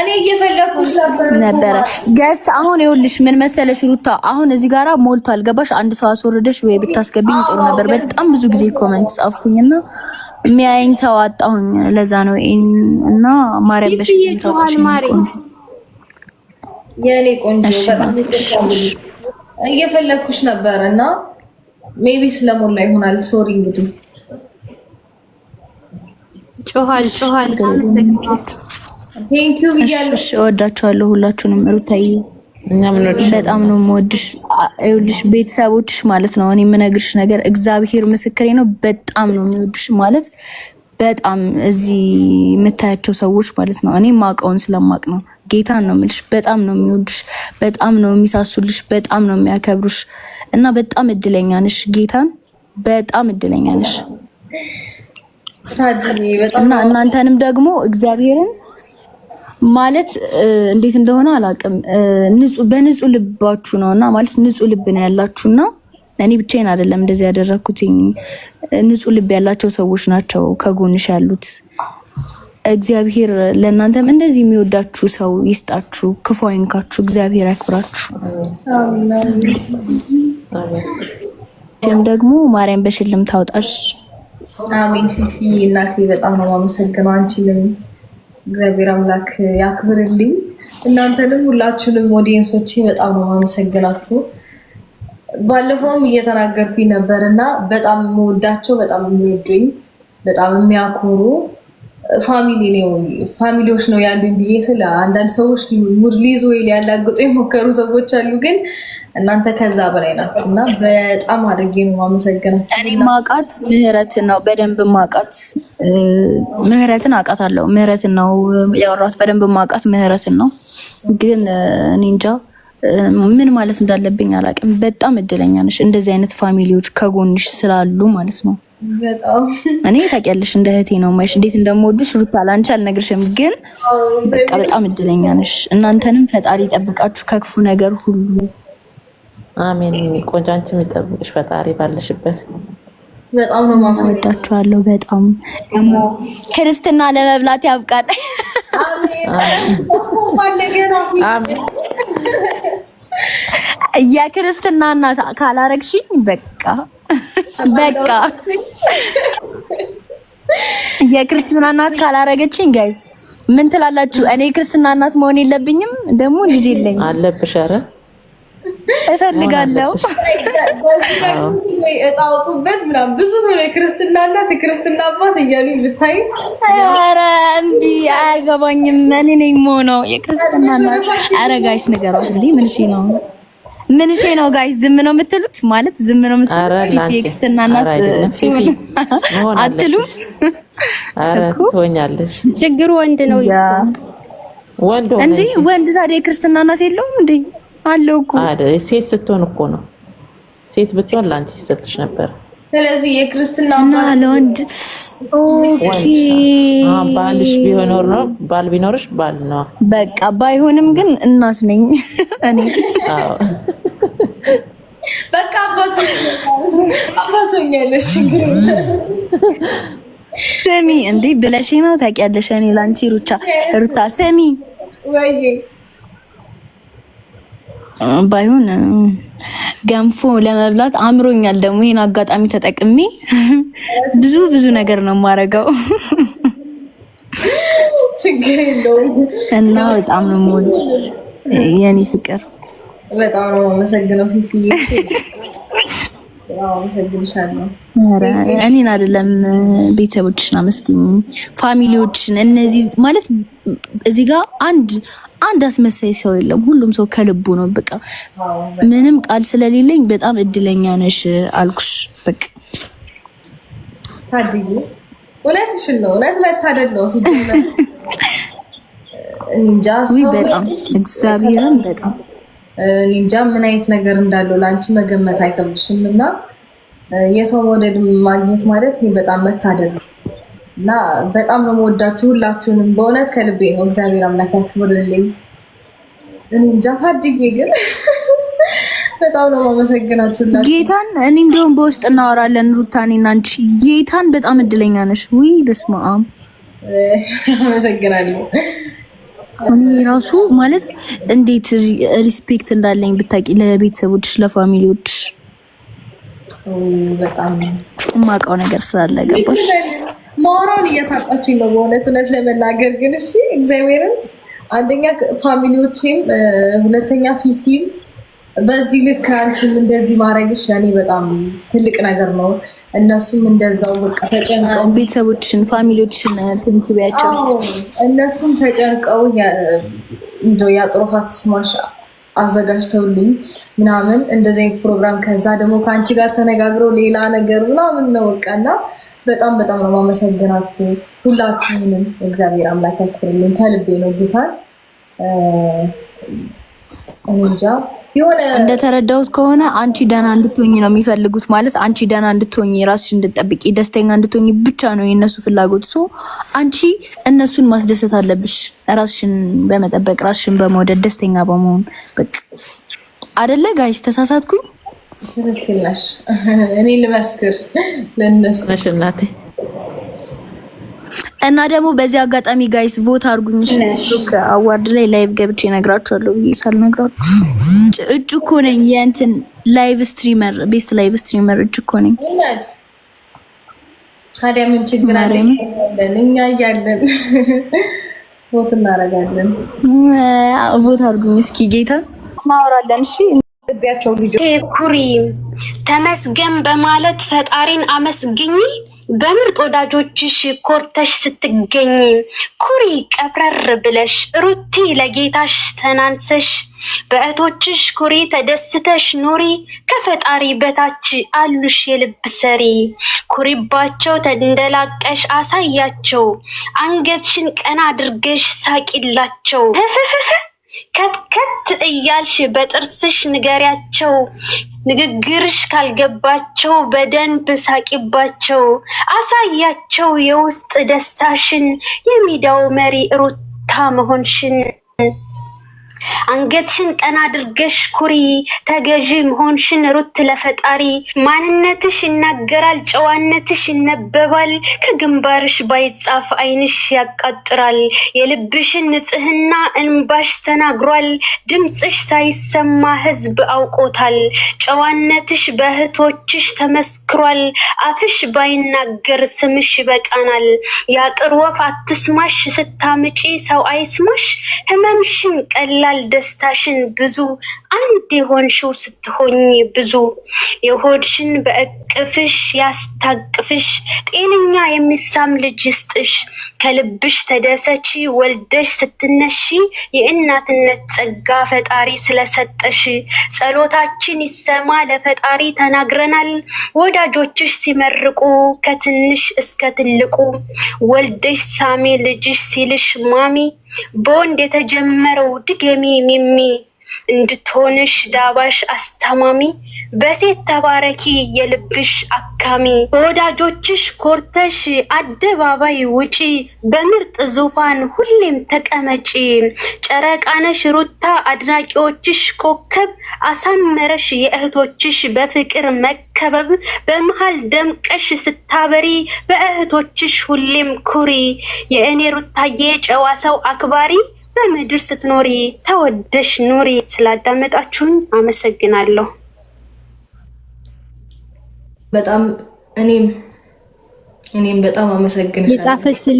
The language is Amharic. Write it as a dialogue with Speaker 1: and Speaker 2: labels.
Speaker 1: እኔ እየፈለኩ ነበረ
Speaker 2: ገዝት አሁን ይኸውልሽ፣ ምን መሰለሽ ሩታ፣ አሁን እዚህ ጋራ ሞልቶ አልገባሽ። አንድ ሰው አስወርደሽ ወይ ብታስገቢኝ ጥሩ ነበር። በጣም ብዙ ጊዜ ኮመንት ጻፍኩኝና የሚያየኝ ሰው አጣሁኝ። ለዛ ነው እና ማርያም በሽ
Speaker 1: የኔ ቆንጆ በጣም ነበር እና ሜቢ ስለሞላ ይሆናል። ሶሪ እንግዲህ
Speaker 2: ጮሃል ጮሃል
Speaker 1: እሺ፣ እወዳችኋለሁ ሁላችሁንም። ሩታዬ
Speaker 2: በጣም ነው የምወድሽ። ይኸውልሽ ቤተሰቦችሽ ማለት ነው እኔ የምነግርሽ ነገር እግዚአብሔር ምስክሬ ነው። በጣም ነው የሚወድሽ ማለት በጣም እዚህ የምታያቸው ሰዎች ማለት ነው እኔ ማውቀውን ስለማቅ ነው ጌታን ነው የምልሽ። በጣም ነው የሚወዱሽ፣ በጣም ነው የሚሳሱልሽ፣ በጣም ነው የሚያከብሩሽ እና በጣም እድለኛ ነሽ። ጌታን በጣም እድለኛ ነሽ እና እናንተንም ደግሞ እግዚአብሔርን ማለት እንዴት እንደሆነ አላውቅም። በንጹህ ልባችሁ ነው እና ማለት ንጹህ ልብ ነው ያላችሁ እና እኔ ብቻዬን አይደለም እንደዚህ ያደረግኩትኝ። ንጹህ ልብ ያላቸው ሰዎች ናቸው ከጎንሽ ያሉት። እግዚአብሔር ለእናንተም እንደዚህ የሚወዳችሁ ሰው ይስጣችሁ፣ ክፉ አይንካችሁ፣ እግዚአብሔር ያክብራችሁ። ም ደግሞ ማርያም በሽልም ታውጣሽ።
Speaker 1: አሜን። ፊፊ እናቴ በጣም ነው የማመሰግነው አንቺንም እግዚአብሔር አምላክ ያክብርልኝ። እናንተንም ሁላችሁንም ኦዲየንሶቼ በጣም ነው አመሰግናችሁ። ባለፈውም እየተናገርኩኝ ነበር እና በጣም የምወዳቸው በጣም የሚወዱኝ በጣም የሚያኮሩ ፋሚሊ ነው ፋሚሊዎች ነው ያሉኝ ብዬ ስለ አንዳንድ ሰዎች ሙድ ሊይዙ ወይ ሊያላግጡ የሞከሩ ሰዎች አሉ ግን እናንተ ከዛ በላይ ናችሁ እና በጣም አድርጌ ነው የማመሰግናችሁ።
Speaker 2: እኔ ማቃት ምህረትን ነው በደንብ ማቃት ምህረትን አውቃታለሁ። ምህረትን ነው ያወራት በደንብ ማቃት ምህረትን ነው ግን እኔ እንጃ ምን ማለት እንዳለብኝ አላውቅም። በጣም እድለኛ ነሽ፣ እንደዚህ አይነት ፋሚሊዎች ከጎንሽ ስላሉ ማለት ነው። እኔ ታውቂያለሽ፣ እንደ እህቴ ነው ማሽ እንዴት እንደምወዱሽ ሩታ ላንቺ አልነግርሽም። ግን በቃ በጣም እድለኛ ነሽ። እናንተንም ፈጣሪ ይጠብቃችሁ ከክፉ ነገር ሁሉ
Speaker 1: አሜን። ቆንጆ አንቺም ይጠብቅሽ ፈጣሪ ባለሽበት። በጣም ነው ማማ
Speaker 2: ወዳችኋለሁ። በጣም ደግሞ ክርስትና ለመብላት ያብቃል። የክርስትና እናት ካላረግሽኝ በቃ በቃ የክርስትና እናት ካላረገችኝ ጋይዝ ምን ትላላችሁ? እኔ ክርስትና እናት መሆን የለብኝም ደግሞ ልጅ የለኝም
Speaker 1: አለብሽ። ኧረ
Speaker 2: እፈልጋለሁ
Speaker 1: እጣ አውጡበት ምናምን ብዙ ሰው ላይ ክርስትና እናት ክርስትና አባት እያሉ ብታይ፣
Speaker 2: ኧረ እንዲህ አያገባኝም። እኔ ነኝ የምሆነው የክርስትና እናት። ኧረ ጋይስ ንገሯት እንዲህ ምን እሺ ነው ምን እሺ ነው ጋይስ፣ ዝም ነው የምትሉት ማለት ዝም ነው የምትሉት? የክርስትና እናት አትሉም
Speaker 1: እኮ ትሆኛለሽ።
Speaker 2: ችግሩ ወንድ ነው እንዲህ ወንድ ታዲያ የክርስትና እናት የለውም እንዴ? አለው እኮ
Speaker 1: ሴት ስትሆን እኮ ነው። ሴት ብትሆን ለአንቺ ይሰጥሽ ነበር። ስለዚህ የክርስትና ለወንድ ባልሽ ቢሆኖር ነው ባል ቢኖርሽ ባል ነው
Speaker 2: በቃ። ባይሆንም ግን እናት ነኝ እኔ
Speaker 1: በቃ አባቶኛለሽ። ችግር
Speaker 2: ስሚ እንዴ ብለሽ ነው ታውቂያለሽ። እኔ ለአንቺ ሩቻ ሩታ ስሚ ባይሆን ገንፎ ለመብላት አምሮኛል። ደግሞ ይህን አጋጣሚ ተጠቅሜ ብዙ ብዙ ነገር ነው የማደርገው እና በጣም ነው የምወድሽ የኔ ፍቅር።
Speaker 1: በጣም ነው የማመሰግነው ፊፊዬ።
Speaker 2: እኔን አይደለም ቤተሰቦችን አመስግኝ፣ ፋሚሊዎችን እነዚህ ማለት እዚህ ጋር አንድ አንድ አስመሳይ ሰው የለም። ሁሉም ሰው ከልቡ ነው። በቃ ምንም ቃል ስለሌለኝ በጣም እድለኛ ነሽ አልኩሽ። በቃ
Speaker 1: ታድዬ እውነትሽን ነው። እውነት መታደል ነው። እንጃ
Speaker 2: በጣም እግዚአብሔርን በጣም
Speaker 1: እንጃ ምን አይነት ነገር እንዳለው ለአንቺ መገመት አይከብድሽም እና የሰው መውደድ ማግኘት ማለት ይህ በጣም መታደል ነው እና በጣም ነው መወዳችሁ ሁላችሁንም በእውነት ከልቤ ነው። እግዚአብሔር አምላክ ያክብርልኝ። እኔ እንጃ ታድጌ ግን በጣም ነው ማመሰግናችሁ
Speaker 2: ጌታን። እኔ እንዲሁም በውስጥ እናወራለን ሩታኔ እና አንቺ ጌታን በጣም እድለኛ ነሽ። ውይ በስመ አብ
Speaker 1: አመሰግናለሁ።
Speaker 2: እኔ ራሱ ማለት እንዴት ሪስፔክት እንዳለኝ ብታውቂ ለቤተሰቦች ለፋሚሊዎች በጣም የማውቀው ነገር ስላለ ገባሽ።
Speaker 1: ማውራውን እያሳጣችኝ ነው በእውነት እውነት ለመናገር ግን እሺ፣ እግዚአብሔርን አንደኛ ፋሚሊዎቼም፣ ሁለተኛ ፊፊም በዚህ ልክ አንቺም እንደዚህ ማድረግሽ ለእኔ በጣም ትልቅ ነገር ነው። እነሱም እንደዛው
Speaker 2: በቃ ተጨንቀው ቤተሰቦችን ፋሚሊዎችን ትንክቢያቸው
Speaker 1: እነሱም ተጨንቀው እንደው የአጥሮፋት ስማሽ አዘጋጅተውልኝ ምናምን እንደዚህ አይነት ፕሮግራም ከዛ ደግሞ ከአንቺ ጋር ተነጋግሮ ሌላ ነገር ምናምን ነው በጣም በጣም ነው ማመሰግናት ሁላችሁንም። እግዚአብሔር አምላክ ያክብርልኝ ከልቤ ነው ጌታን እንጃ
Speaker 2: የሆነ እንደተረዳሁት ከሆነ አንቺ ደህና እንድትሆኝ ነው የሚፈልጉት። ማለት አንቺ ደህና እንድትሆኝ፣ ራስሽ እንድትጠብቂ፣ ደስተኛ እንድትሆኝ ብቻ ነው የእነሱ ፍላጎት። ሶ አንቺ እነሱን ማስደሰት አለብሽ፣ ራስሽን በመጠበቅ ራስሽን በመውደድ ደስተኛ በመሆን በቃ አደለ ጋይስ? ተሳሳትኩኝ።
Speaker 1: ትክክል እኔ ልመስክር ለእነሱ
Speaker 2: እና ደግሞ በዚህ አጋጣሚ ጋይስ ቮት አድርጉኝ። ቲክቶክ አዋርድ ላይ ላይቭ ገብቼ እነግራችኋለሁ ብዬ ሳልነግራችሁ እጩ እኮ ነኝ። የእንትን ላይቭ ስትሪመር ቤስት ላይቭ ስትሪመር እጩ እኮ ነኝ።
Speaker 1: ታዲያ ምን ችግር አለ? እኛ እያለን ቮት እናደርጋለን።
Speaker 2: ቮት አድርጉኝ እስኪ ጌታ
Speaker 1: እናወራለን። እሺ ግቢያቸው
Speaker 2: ልጆች ኩሪ ተመስገን በማለት ፈጣሪን አመስግኝ። በምርጥ ወዳጆችሽ ኮርተሽ ስትገኝ ኩሪ ቀብረር ብለሽ ሩቲ ለጌታሽ ተናንሰሽ በእቶችሽ ኩሪ ተደስተሽ ኑሪ። ከፈጣሪ በታች አሉሽ የልብ ሰሪ። ኩሪባቸው ተንደላቀሽ አሳያቸው። አንገትሽን ቀና አድርገሽ ሳቂላቸው። ከትከት እያልሽ በጥርስሽ ንገሪያቸው። ንግግርሽ ካልገባቸው በደንብ ሳቂባቸው። አሳያቸው የውስጥ ደስታሽን የሜዳው መሪ ሩታ መሆንሽን። አንገትሽን ቀና አድርገሽ ኩሪ። ተገዢ መሆንሽን ሩት ለፈጣሪ። ማንነትሽ ይናገራል፣ ጨዋነትሽ ይነበባል። ከግንባርሽ ባይጻፍ አይንሽ ያቃጥራል። የልብሽን ንጽህና እንባሽ ተናግሯል። ድምፅሽ ሳይሰማ ሕዝብ አውቆታል። ጨዋነትሽ በእህቶችሽ ተመስክሯል። አፍሽ ባይናገር ስምሽ ይበቃናል። የአጥር ወፍ አትስማሽ፣ ስታምጪ ሰው አይስማሽ። ህመምሽን ቀላል ያህል ደስታሽን ብዙ አንድ የሆንሽው ስትሆኝ ብዙ የሆድሽን በእቅፍሽ ያስታቅፍሽ ጤነኛ የሚሳም ልጅ ስጥሽ ከልብሽ ተደሰች ወልደሽ ስትነሺ የእናትነት ጸጋ ፈጣሪ ስለሰጠሽ ጸሎታችን ይሰማ ለፈጣሪ ተናግረናል። ወዳጆችሽ ሲመርቁ ከትንሽ እስከ ትልቁ ወልደሽ ሳሜ ልጅሽ ሲልሽ ማሚ በወንድ የተጀመረው ድገሚ ሚሚ እንድትሆንሽ ዳባሽ አስተማሚ በሴት ተባረኪ የልብሽ አካሚ በወዳጆችሽ ኮርተሽ አደባባይ ውጪ በምርጥ ዙፋን ሁሌም ተቀመጪ ጨረቃነሽ ሩታ አድናቂዎችሽ ኮከብ አሳመረሽ የእህቶችሽ በፍቅር መከበብ በመሃል ደምቀሽ ስታበሪ በእህቶችሽ ሁሌም ኩሪ የእኔ ሩታዬ ጨዋ ሰው አክባሪ በምድር ስትኖሪ ተወደሽ ኑሪ። ስላዳመጣችሁኝ አመሰግናለሁ።
Speaker 1: በጣም እኔም እኔም በጣም አመሰግንሻለሁ።